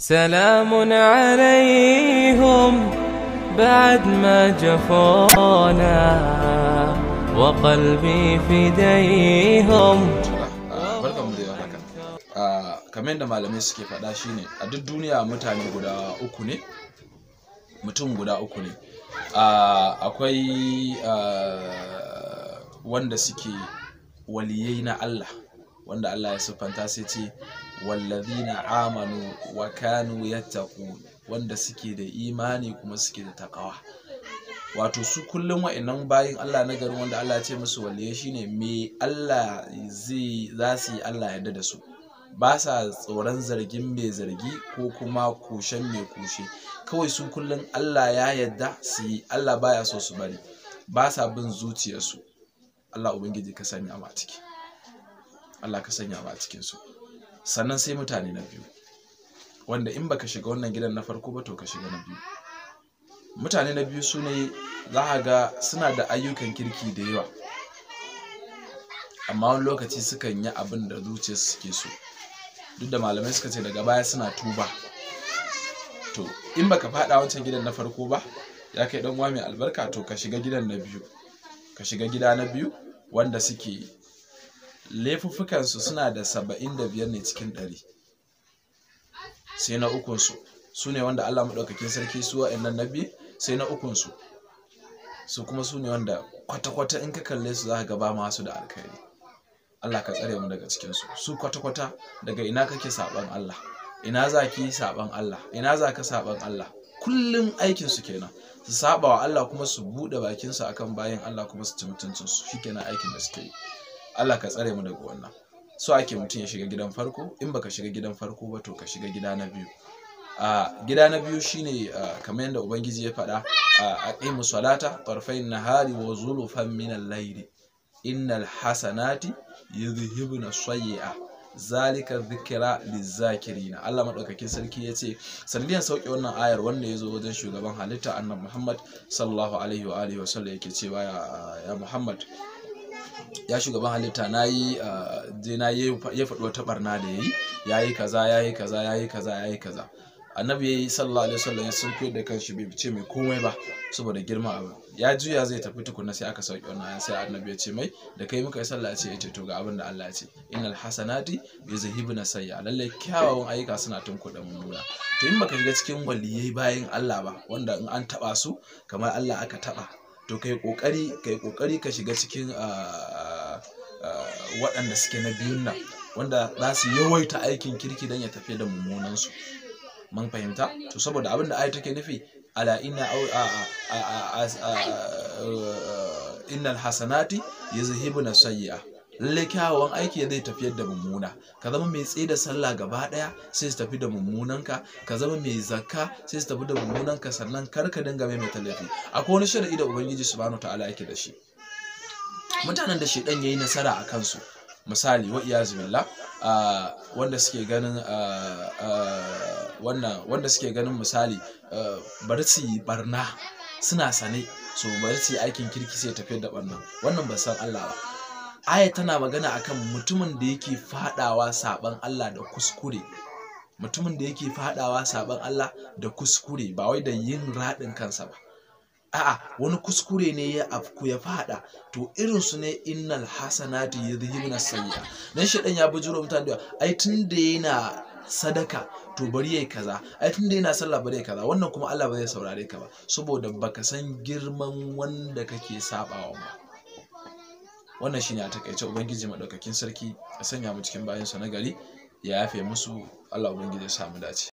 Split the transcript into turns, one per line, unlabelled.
سلام عليهم بعد ما جفونا وقلبي فديهم ah, kamar da malamai suke faɗa shine a duk duniya mutane guda uku ne mutum guda uku ne ah, akwai ah, wanda suke waliyai na Allah wanda Allah ya siffanta sai ce wallazina amanu wa kanu yattaqu wanda suke da imani kuma suke da takawa wato su kullum wa'annan bayin Allah na gari wanda Allah ya ce musu waliye shine me Allah zai za su yi Allah yadda da su ba sa tsoron zargin mai zargi ko kuma kushen mai kushe kawai su kullum Allah ya yadda su yi Allah baya so su bari ba sa bin zuciyarsu Allah ubangiji ka sanya ma ciki Allah cikin su sannan sai mutane na biyu wanda in baka shiga wannan gidan na farko ba to ka shiga na biyu mutane na biyu su ne za a ga suna da ayyukan kirki da yawa amma wani lokaci sukan yi abin da zuciya suke so duk da malamai suka ce daga baya suna tuba to in baka faɗa wancan gidan na farko ba ya kai dan uwa mai albarka to ka shiga gidan na biyu ka shiga gida na biyu wanda suke laifuffukansu suna da saba'in da biyar ne cikin ɗari sai na ukunsu su ne wanda allah maɗaukakin sarki su wa'annan na biyu sai na ukunsu su kuma su ne wanda kwata-kwata in ka kalle su za ka gaba masu da alkhairi allah ka tsare mu daga cikinsu su kwata-kwata daga ina kake saɓan allah ina za ki saɓan allah ina za ka saɓan allah kullum aikinsu kenan su saba wa allah kuma su buɗe bakinsu akan bayan allah kuma su ci mutuncinsu shi kenan aikin da suke yi Allah ka tsare mu daga wannan so ake mutum ya shiga gidan farko in baka shiga gidan farko ba to ka shiga gida na biyu a gida na biyu shine kamar yadda ubangiji ya faɗa a aqimu salata tarfain nahari wa zulufan min al-layli innal hasanati yudhhibna sayyi'a zalika dhikra lizakirin Allah madaukakin sarki yace sanadiyan sauke wannan ayar wanda yazo wajen shugaban halitta annabi Muhammad sallallahu alaihi wa alihi wa sallam yake cewa ya Muhammad ya shugaban halitta na yi eh, je na ya faɗi wata barna da ya yi ya yi kaza ya yi kaza ya yi kaza ya yi kaza annabi ya yi sallallahu alaihi wasallam ya sun koyar da kanshi bai ce mai komai ba saboda girma abin ya juya zai tafi tukuna sai aka sauke wannan ayan sai annabi ya ce mai da kai muka yi sallah ce yace to ga abin da Allah ya ce innal hasanati yuzhibuna sayya lallai kyawawan ayyuka suna tun tunkuɗa mummuna to in baka shiga cikin waliyai bayin Allah ba wanda in an taɓa su kamar Allah aka taɓa? to kai kokari kai kokari ka shiga cikin ah, ah, waɗanda suke na biyun nan wanda za su yawaita aikin kirki don ya tafi da su. mun fahimta to saboda abin da ayi take nufi ala inna au a a a innal hasanati yuzhibuna sayyi'ah lallai kyawawan aiki zai tafiyar da mummuna ka zama mai tsaye sallah gaba daya sai su tafi da mummunanka ka ka zama mai zakka sai su tafi da ka sannan kar ka dinga maimaita laifi akwai wani shari'i da ubangiji subhanahu ta'ala yake da shi mutanen da shedan yayi nasara a kansu misali wa iyazu billah wanda suke ganin wannan wanda suke ganin misali bari su yi barna suna sane so bari su yi aikin kirki sai tafiyar da barna wannan ba san Allah ba aya tana magana akan mutumin da yake fadawa saban Allah da kuskure mutumin da yake fadawa saban Allah da kuskure ba wai da yin radin kansa ba a'a wani kuskure ne ya afku ya fada to irin su ne innal hasanatu yudhibuna sayyi'a dan dan ya bujuro mutane da ai tun yana sadaka to bari yayi kaza ai tunda yana sallah bari yayi kaza wannan kuma Allah ba zai saurare ka ba saboda baka san girman wanda kake sabawa ba wannan shine a takaice ubangiji madaukakin sarki ya sanya mu cikin bayansa na gari ya yafe musu Allah ubangiji ya samu dace